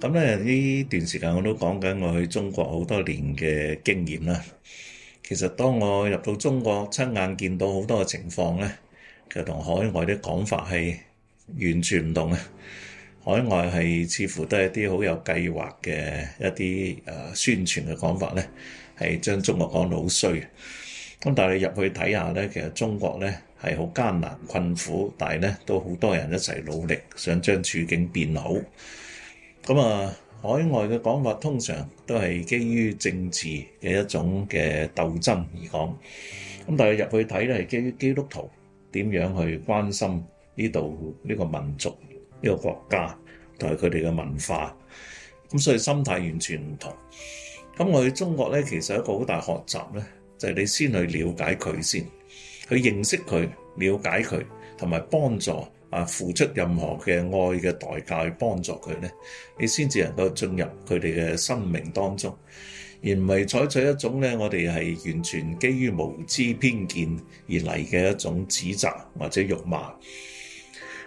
咁咧，呢段時間我都講緊我去中國好多年嘅經驗啦。其實當我入到中國，親眼見到好多嘅情況咧，其實同海外啲講法係完全唔同嘅。海外係似乎都係一啲好有計劃嘅一啲誒宣傳嘅講法咧，係將中國講到好衰。咁但係你入去睇下咧，其實中國咧係好艱難困苦，但係咧都好多人一齊努力，想將處境變好。咁啊，海外嘅講法通常都係基於政治嘅一種嘅鬥爭而講。咁但係入去睇咧，係基於基督徒點樣去關心呢度呢個民族、呢個國家同埋佢哋嘅文化。咁所以心態完全唔同。咁我哋中國咧，其實有一個好大學習咧，就係你先去了解佢先，去認識佢、了解佢同埋幫助。啊！付出任何嘅愛嘅代價去幫助佢咧，你先至能夠進入佢哋嘅生命當中，而唔係採取一種咧，我哋係完全基於無知偏見而嚟嘅一種指責或者辱罵。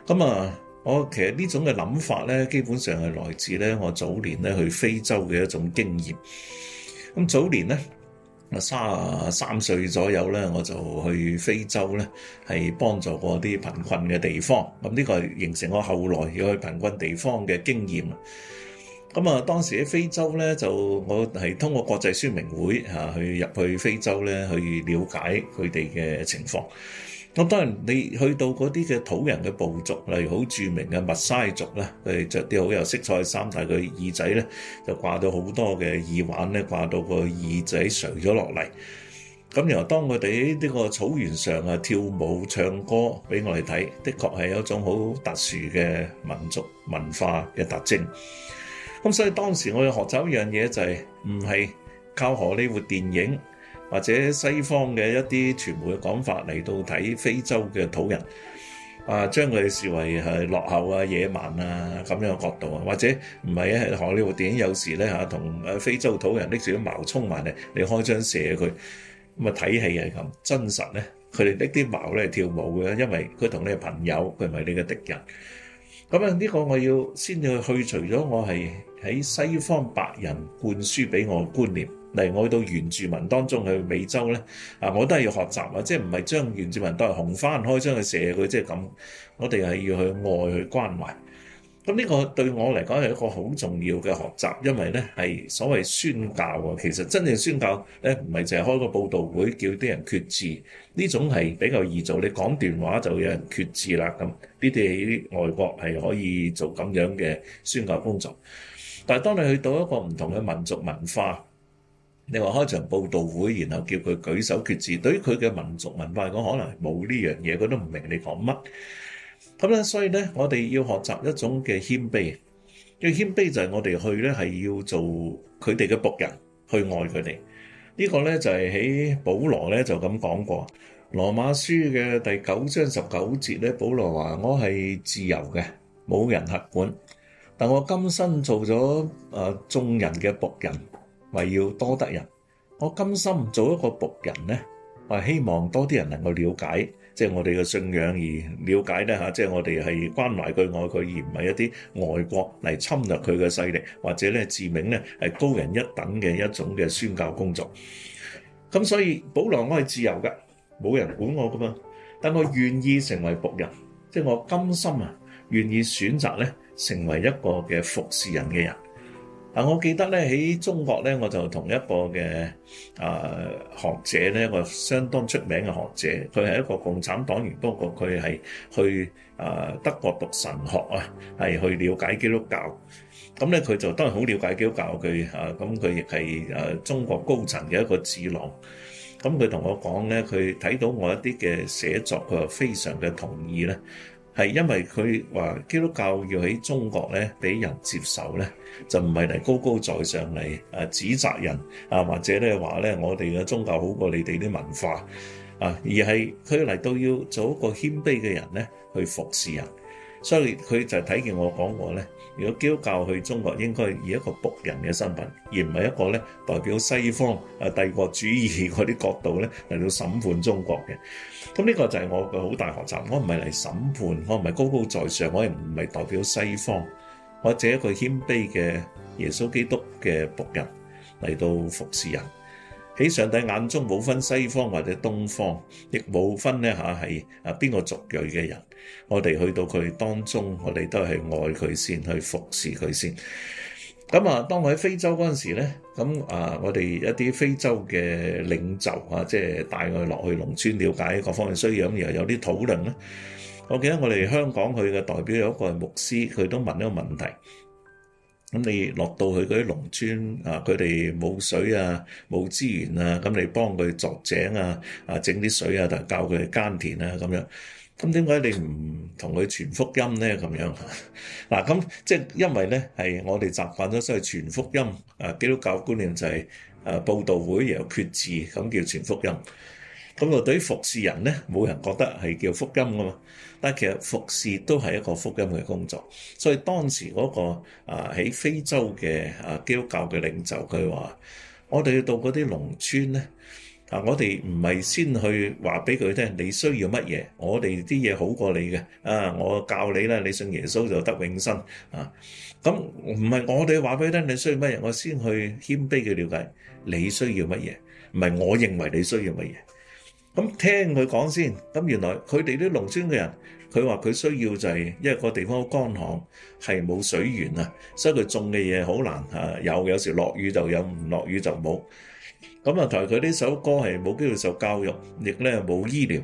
咁、嗯、啊，我其實呢種嘅諗法咧，基本上係來自咧我早年咧去非洲嘅一種經驗。咁、嗯、早年咧。啊，三十三歲左右咧，我就去非洲咧，係幫助過啲貧困嘅地方。咁呢個係形成我後來要去貧困地方嘅經驗。咁啊，當時喺非洲咧，就我係通過國際宣明會、啊、去入去非洲咧，去了解佢哋嘅情況。咁當然你去到嗰啲嘅土人嘅部族，例如好著名嘅馬賽族啦，佢哋着啲好有色彩嘅衫，但佢耳仔咧就掛到好多嘅耳環咧，掛到個耳仔垂咗落嚟。咁由當佢哋呢個草原上啊跳舞唱歌俾我哋睇，的確係一種好特殊嘅民族文化嘅特徵。咁所以當時我哋學習一樣嘢就係唔係靠荷里活電影。或者西方嘅一啲傳媒嘅講法嚟到睇非洲嘅土人，啊，將佢視為係落後啊、野蠻啊咁樣嘅角度啊，或者唔係啊，學呢部電影有時咧嚇同、啊、非洲土人拎住啲矛衝埋嚟，你開槍射佢，咁啊睇戲係咁真實咧，佢哋拎啲矛咧係跳舞嘅，因為佢同你係朋友，佢唔係你嘅敵人。咁啊，呢個我要先要去除咗我係喺西方白人灌輸俾我嘅觀念。嚟我去到原住民當中去美洲咧啊，我都係要學習啊，即係唔係將原住民當係紅番開張去射佢，即係咁。我哋係要去愛去關懷，咁呢個對我嚟講係一個好重要嘅學習，因為咧係所謂宣教啊，其實真正宣教咧唔係淨係開個佈道會叫啲人決志呢種係比較易做，你講段話就有人決志啦咁。呢啲喺外國係可以做咁樣嘅宣教工作，但係當你去到一個唔同嘅民族文化。你話開場報道會，然後叫佢舉手決志，對於佢嘅民族文化嚟講，可能冇呢樣嘢，佢都唔明白你講乜。咁咧，所以咧，我哋要學習一種嘅謙卑。因為謙卑就係我哋去咧，係要做佢哋嘅僕人，去愛佢哋。這個、呢個咧就係、是、喺保羅咧就咁講過，《羅馬書》嘅第九章十九節咧，保羅話：我係自由嘅，冇人客管，但我甘心做咗啊眾人嘅僕人。咪要多得人，我甘心做一個僕人呢。我希望多啲人能夠了解，即係我哋嘅信仰而了解咧吓，即係我哋係關懷佢愛佢，而唔係一啲外國嚟侵略佢嘅勢力，或者咧自命咧係高人一等嘅一種嘅宣教工作。咁所以，保羅，我係自由嘅，冇人管我噶嘛，但我願意成為僕人，即係我甘心啊，願意選擇咧成為一個嘅服侍人嘅人。啊！我記得咧，喺中國咧，我就同一個嘅啊學者咧，一個相當出名嘅學者，佢係一個共產黨員，不過佢係去啊德國讀神學啊，係去了解基督教。咁咧，佢就都係好了解基督教他，佢啊，咁佢亦係啊中國高層嘅一個智囊。咁佢同我講咧，佢睇到我一啲嘅寫作，佢就非常嘅同意咧。係因為佢話基督教要喺中國咧俾人接受咧，就唔係嚟高高在上嚟誒指責人啊，或者咧話咧我哋嘅宗教好過你哋啲文化啊，而係佢嚟到要做一個謙卑嘅人咧去服侍人。所以佢就睇見我講過，咧，如果基督教去中國，應該以一個僕人嘅身份，而唔係一個咧代表西方帝國主義嗰啲角度咧嚟到審判中國嘅。咁呢個就係我嘅好大學習。我唔係嚟審判，我唔係高高在上，我唔係代表西方，我只係一個謙卑嘅耶穌基督嘅僕人嚟到服侍人。喺上帝眼中冇分西方或者東方，亦冇分呢吓係啊邊個族裔嘅人。我哋去到佢當中，我哋都係愛佢先，去服侍佢先。咁啊，當我喺非洲嗰陣時呢，咁啊，我哋一啲非洲嘅領袖啊，即係帶我落去農村了解各方面需要，咁又有啲討論咧。我記得我哋香港佢嘅代表有一個牧師，佢都問一個問題。咁你落到去嗰啲農村啊，佢哋冇水啊，冇資源啊，咁你幫佢作井啊，啊整啲水啊，就教佢耕田啊咁樣。咁點解你唔同佢傳福音咧？咁樣嗱，咁、啊、即係因為咧係我哋習慣咗所謂傳福音啊，基督教觀念就係、是、誒、啊、佈道會有決志咁叫傳福音。咁啊，對於服侍人咧，冇人覺得係叫福音㗎嘛？但係其實服侍都係一個福音嘅工作。所以當時嗰、那個啊喺非洲嘅啊基督教嘅領袖，佢話：我哋要到嗰啲農村咧啊，我哋唔係先去話俾佢聽你需要乜嘢，我哋啲嘢好過你嘅啊。我教你啦，你信耶穌就得永生啊。咁唔係我哋話俾佢聽你需要乜嘢，我先去謙卑嘅了解你需要乜嘢，唔係我認為你需要乜嘢。咁聽佢講先，咁原來佢哋啲農村嘅人，佢話佢需要就係，因為個地方好乾旱，係冇水源啊，所以佢種嘅嘢好難嚇，有有時落雨就有，唔落雨就冇。咁啊，同佢呢首歌係冇機會受教育，亦咧冇醫療。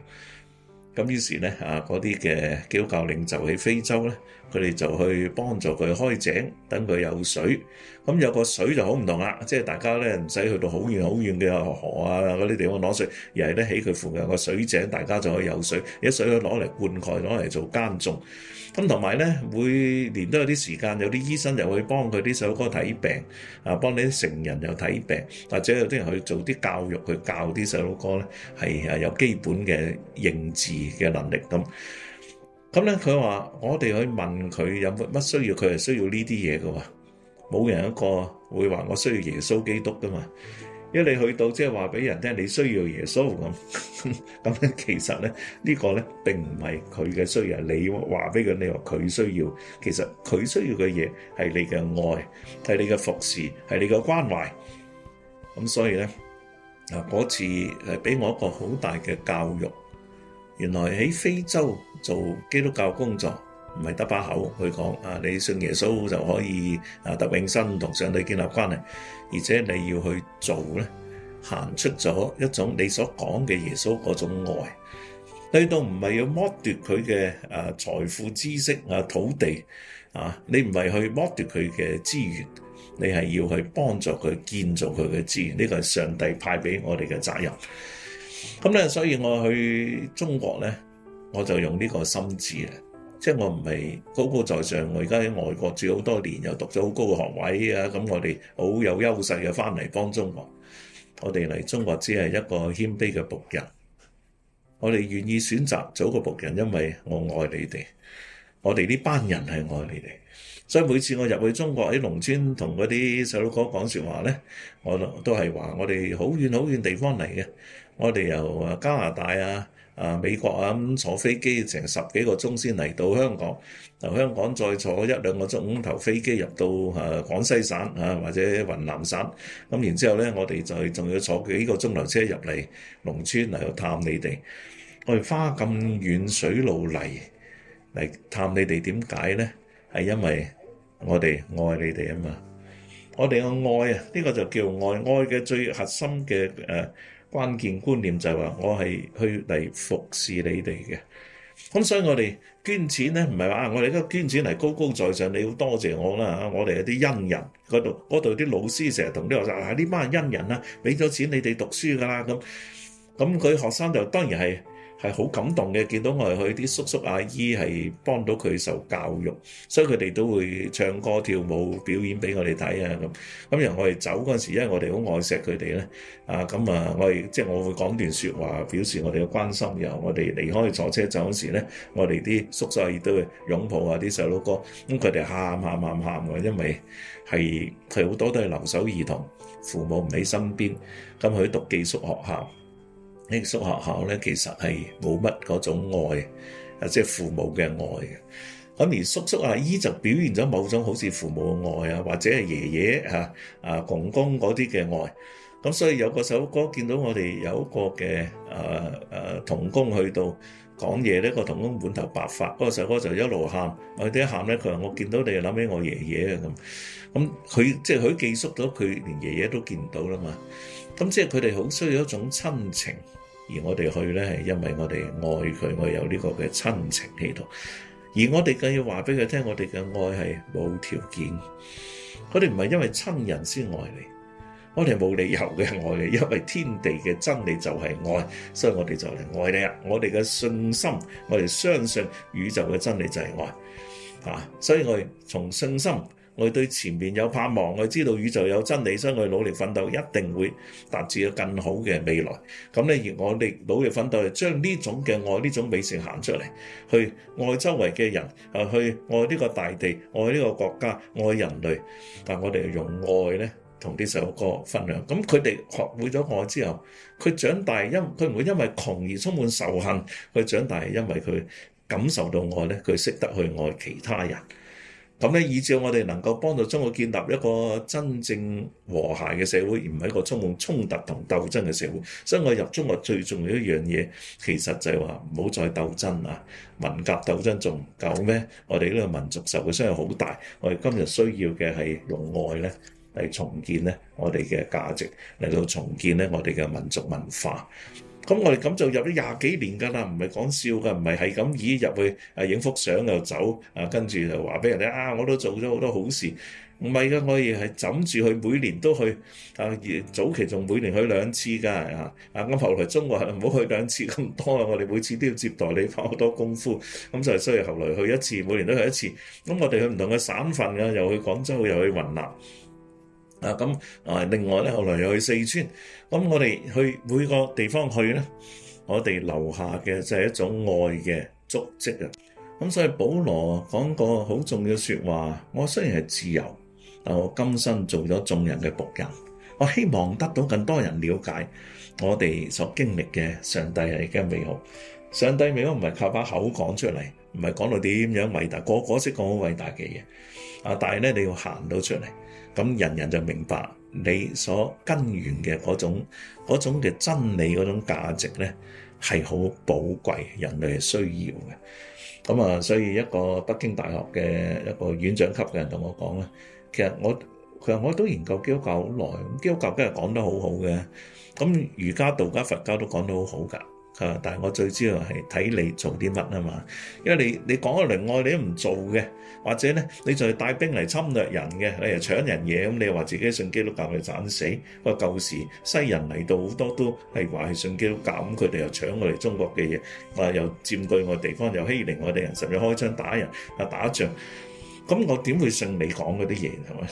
咁於是咧，啊嗰啲嘅基督教領袖喺非洲咧，佢哋就去幫助佢開井，等佢有水。咁有個水就好唔同啦，即係大家咧唔使去到好遠好遠嘅河啊嗰啲地方攞水，而係咧喺佢附近個水井，大家就可以有水，有水攞嚟灌溉，攞嚟做耕種。咁同埋咧，每年都有啲時間，有啲醫生又會幫佢啲細路哥睇病，啊，幫你啲成人又睇病，或者有啲人去做啲教育，去教啲細路哥咧，係啊有基本嘅認字嘅能力咁。咁咧，佢話我哋去問佢有乜乜需要，佢係需要呢啲嘢㗎喎。冇人一個會話我需要耶穌基督㗎嘛。因為你去到，即係話俾人聽，你需要耶穌咁咁咧，其實咧呢個咧並唔係佢嘅需要，係你話俾佢，你話佢需要，其實佢需要嘅嘢係你嘅愛，係你嘅服侍，係你嘅關懷。咁所以咧嗱，嗰次係俾我一個好大嘅教育，原來喺非洲做基督教工作，唔係得把口去講啊！你信耶穌就可以啊得永生同上帝建立關係，而且你要去做咧，行出咗一種你所講嘅耶穌嗰種愛。你都唔係要剝奪佢嘅啊財富、知識啊土地啊，你唔係去剝奪佢嘅資源，你係要去幫助佢建造佢嘅資源。呢個係上帝派俾我哋嘅責任。咁咧，所以我去中國咧，我就用呢個心志啊。即係我唔係高高在上，我而家喺外國住好多年，又讀咗好高嘅學位啊！咁我哋好有優勢嘅翻嚟幫中國，我哋嚟中國只係一個謙卑嘅僕人。我哋願意選擇做一個僕人，因為我愛你哋。我哋呢班人係愛你哋，所以每次我入去中國喺農村同嗰啲細佬哥講說話咧，我都係係話我哋好遠好遠地方嚟嘅，我哋由啊加拿大啊。啊！美國啊，咁坐飛機成十幾個鐘先嚟到香港，由香港再坐一兩個鐘頭飛機入到啊廣西省啊，或者雲南省，咁、啊、然之後咧，我哋就仲要坐幾個鐘頭車入嚟農村嚟度探你哋。我哋花咁遠水路嚟嚟探你哋，點解咧？係因為我哋愛你哋啊嘛！我哋嘅愛啊，呢、呢個就叫愛。愛嘅最核心嘅誒。啊關鍵觀念就係話，我係去嚟服侍你哋嘅。咁所以我哋捐錢咧，唔係話我哋而家捐錢嚟高高在上，你要多謝我啦吓。我哋係啲恩人嗰度，嗰度啲老師成日同啲學生啊呢班恩人啦、啊，俾咗錢你哋讀書噶啦咁，咁佢學生就當然係。係好感動嘅，見到我哋去啲叔叔阿姨係幫到佢受教育，所以佢哋都會唱歌跳舞表演俾我哋睇啊咁。咁然後我哋走嗰陣時，因為我哋好愛錫佢哋咧，啊咁啊，我哋即係我會講段說話表示我哋嘅關心。然後我哋離開坐車走嗰時咧，我哋啲叔叔阿姨都會擁抱啊啲細佬哥，咁佢哋喊喊喊喊喎，因為係佢好多都係留守兒童，父母唔喺身邊，咁佢讀寄宿學校。寄宿學校咧，其實係冇乜嗰種愛啊，即係父母嘅愛嘅。咁而叔叔阿姨就表現咗某種好似父母嘅愛啊，或者係爺爺嚇啊公公嗰啲嘅愛。咁所以有個首歌，見到我哋有一個嘅誒誒童工去到講嘢咧，個童工滿頭白髮，嗰首歌就一路喊，我哋一喊咧，佢話我見到你諗起我爺爺啊咁。咁佢即係佢寄宿咗，佢連爺爺都見唔到啦嘛。咁即係佢哋好需要一種親情，而我哋去咧，係因為我哋愛佢，我有呢個嘅親情喺度。而我哋更要話俾佢聽，我哋嘅愛係冇條件。佢哋唔係因為親人先愛你，我哋冇理由嘅愛你，因為天地嘅真理就係愛，所以我哋就嚟愛你啊！我哋嘅信心，我哋相信宇宙嘅真理就係愛啊！所以我哋從信心我對前面有盼望，我知道宇宙有真理，所以我努力奮鬥，一定會達至更好嘅未來。咁咧，而我哋努力奮鬥，將呢種嘅愛，呢種美德行出嚟，去愛周圍嘅人，啊，去愛呢個大地，愛呢個國家，愛人類。但我哋用愛咧，同啲細路哥分享。咁佢哋學會咗愛之後，佢長大因佢唔會因為窮而充滿仇恨。佢長大係因為佢感受到愛咧，佢識得去愛其他人。咁咧，以至我哋能夠幫到中國建立一個真正和諧嘅社會，而唔係一個充滿衝突同鬥爭嘅社會。所以我入中國最重要一樣嘢，其實就係話唔好再鬥爭啊！文革鬥爭仲唔夠咩？我哋呢個民族受嘅傷又好大。我哋今日需要嘅係用愛咧嚟重建咧我哋嘅價值，嚟到重建咧我哋嘅民族文化。咁我哋咁就入咗廿幾年㗎啦，唔係講笑㗎，唔係係咁以入去啊，影幅相又走啊，跟住就話俾人哋啊，我都做咗好多好事，唔係噶，我哋係枕住去，每年都去啊，早期仲每年去兩次㗎啊，啊咁後來中國係唔好去兩次咁多啊，我哋每次都要接待你花好多功夫，咁就係所以後來去一次，每年都去一次，咁我哋去唔同嘅省份㗎，又去廣州，又去雲南。啊咁啊！另外咧，後來又去四川。咁我哋去每個地方去咧，我哋留下嘅就係一種愛嘅足跡啊！咁所以保羅講個好重要說話：我雖然係自由，但我今生做咗眾人嘅僕人。我希望得到更多人了解我哋所經歷嘅上帝係嘅美好。上帝美好唔係靠把口講出嚟，唔係講到點樣偉大，個個識講好偉大嘅嘢啊！但係咧，你要行到出嚟。咁人人就明白你所根源嘅嗰種嘅真理，嗰種價值咧，係好寶貴，人類係需要嘅。咁啊，所以一個北京大學嘅一個院長級嘅人同我講咧，其實我佢話我都研究基督教好耐，基督教梗係講得好好嘅，咁儒家、道家、佛教都講得好好噶。係，但係我最主要係睇你做啲乜啊嘛。因為你你講一輪愛，你都唔做嘅，或者咧，你就係帶兵嚟侵略人嘅，你又搶人嘢咁。你又話自己信基督教嘅，斬死。不過舊時西人嚟到好多都係話係信基督教，咁佢哋又搶我哋中國嘅嘢，啊又佔據我地方，又欺凌我哋人，甚至開槍打人啊打仗。咁我點會信你講嗰啲嘢係嘛？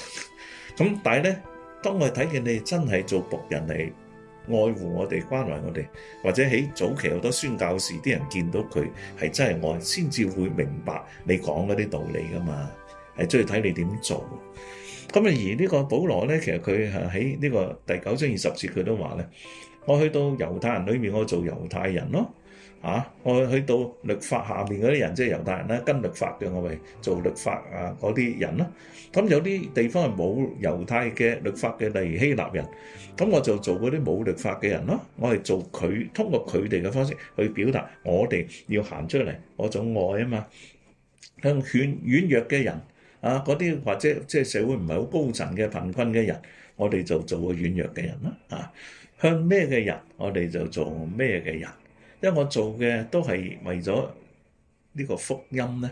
咁但係咧，當我睇見你真係做僕人嚟。愛護我哋，關懷我哋，或者喺早期好多宣教士啲人見到佢係真係愛，先至會明白你講嗰啲道理㗎嘛，係鍾意睇你點做。咁啊，而呢個保羅咧，其實佢喺呢個第九章二十節，佢都話咧，我去到猶太人裏面，我做猶太人咯。啊！我去到律法下面嗰啲人，即係猶太人咧，跟律法嘅我哋做律法啊，嗰啲人咯、啊。咁、嗯、有啲地方係冇猶太嘅律法嘅，例如希臘人，咁、嗯、我就做嗰啲冇律法嘅人咯。我係做佢，通過佢哋嘅方式去表達我哋要行出嚟嗰種愛啊嘛。向軟軟弱嘅人啊，嗰啲或者即係社會唔係好高層嘅貧困嘅人，我哋就做個軟弱嘅人啦、啊。啊，向咩嘅人，我哋就做咩嘅人。因為我做嘅都係為咗呢個福音咧，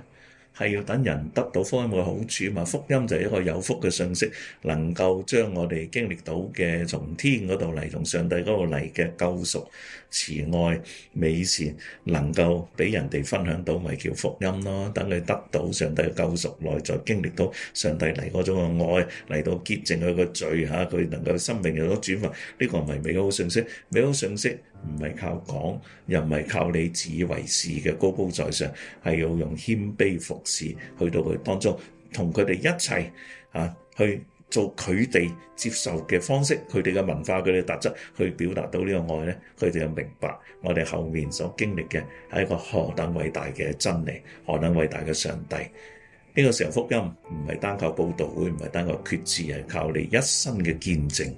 係要等人得到福音嘅好處嘛。福音就係一個有福嘅信息，能夠將我哋經歷到嘅從天嗰度嚟、同上帝嗰度嚟嘅救贖、慈愛、美善，能夠俾人哋分享到，咪叫福音咯。等佢得到上帝嘅救贖，內在經歷到上帝嚟嗰種嘅愛，嚟到潔淨佢個罪嚇，佢能夠生命有咗轉變，呢個唔係美好嘅信息？美好嘅信息。唔係靠講，又唔係靠你自以為是嘅高高在上，係要用謙卑服侍，去到佢當中，同佢哋一齊嚇、啊、去做佢哋接受嘅方式，佢哋嘅文化、佢哋嘅特質去表達到呢個愛咧，佢哋就明白我哋後面所經歷嘅係一個何等偉大嘅真理，何等偉大嘅上帝。呢、這個時候福音唔係單靠佈道會，唔係單靠決志，係靠你一生嘅見證。